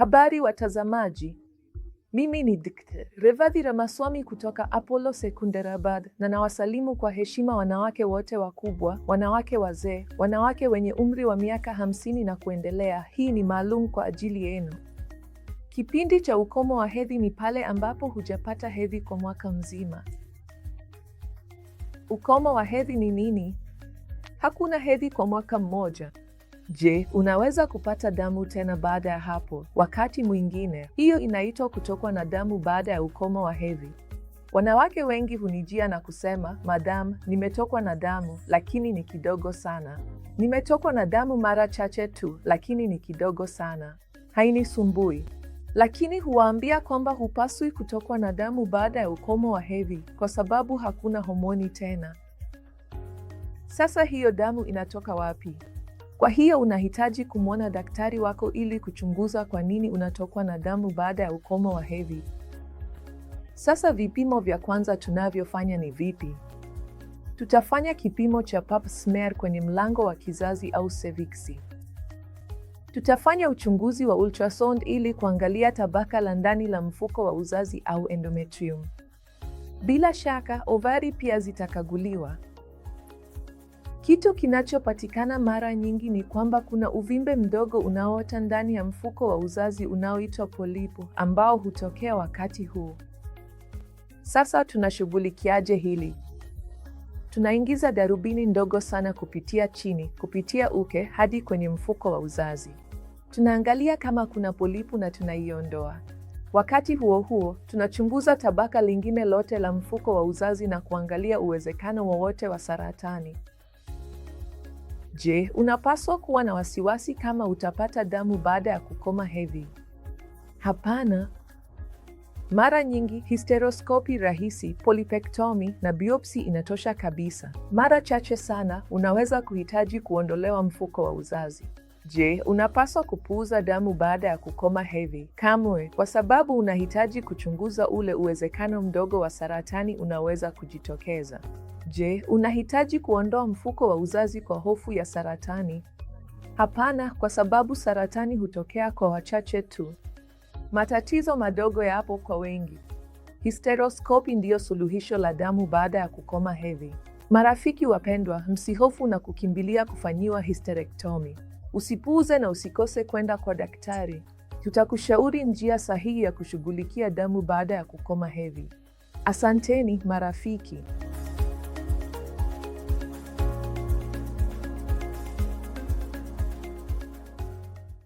Habari watazamaji, mimi ni Dkt. Revathi Ramaswamy kutoka Apollo Secunderabad na nawasalimu kwa heshima wanawake wote wakubwa, wanawake wazee, wanawake wenye umri wa miaka hamsini na kuendelea. Hii ni maalum kwa ajili yenu. Kipindi cha ukomo wa hedhi ni pale ambapo hujapata hedhi kwa mwaka mzima. Ukomo wa hedhi ni nini? Hakuna hedhi kwa mwaka mmoja. Je, unaweza kupata damu tena baada ya hapo? Wakati mwingine hiyo inaitwa kutokwa na damu baada ya ukomo wa hedhi. Wanawake wengi hunijia na kusema, madam, nimetokwa na damu lakini ni kidogo sana. Nimetokwa na damu mara chache tu, lakini ni kidogo sana, hainisumbui. Lakini huwaambia kwamba hupaswi kutokwa na damu baada ya ukomo wa hedhi kwa sababu hakuna homoni tena. Sasa hiyo damu inatoka wapi? Kwa hiyo unahitaji kumwona daktari wako ili kuchunguza kwa nini unatokwa na damu baada ya ukomo wa hedhi. Sasa vipimo vya kwanza tunavyofanya ni vipi? Tutafanya kipimo cha pap smear kwenye mlango wa kizazi au cervix. Tutafanya uchunguzi wa ultrasound ili kuangalia tabaka la ndani la mfuko wa uzazi au endometrium. Bila shaka, ovari pia zitakaguliwa. Kitu kinachopatikana mara nyingi ni kwamba kuna uvimbe mdogo unaoota ndani ya mfuko wa uzazi unaoitwa polipu ambao hutokea wakati huu. Sasa tunashughulikiaje hili? Tunaingiza darubini ndogo sana kupitia chini, kupitia uke hadi kwenye mfuko wa uzazi. Tunaangalia kama kuna polipu na tunaiondoa. Wakati huo huo, tunachunguza tabaka lingine lote la mfuko wa uzazi na kuangalia uwezekano wowote wa saratani. Je, unapaswa kuwa na wasiwasi kama utapata damu baada ya kukoma hedhi? Hapana. Mara nyingi histeroskopi rahisi, polipektomi na biopsi inatosha kabisa. Mara chache sana unaweza kuhitaji kuondolewa mfuko wa uzazi. Je, unapaswa kupuuza damu baada ya kukoma hedhi? Kamwe, kwa sababu unahitaji kuchunguza ule uwezekano mdogo wa saratani unaweza kujitokeza. Je, unahitaji kuondoa mfuko wa uzazi kwa hofu ya saratani? Hapana, kwa sababu saratani hutokea kwa wachache tu. Matatizo madogo yapo kwa wengi. Hysteroscopy ndiyo suluhisho la damu baada ya kukoma hedhi. Marafiki wapendwa, msihofu na kukimbilia kufanyiwa hysterectomy. Usipuuze na usikose kwenda kwa daktari. Tutakushauri njia sahihi ya kushughulikia damu baada ya kukoma hedhi. Asanteni marafiki.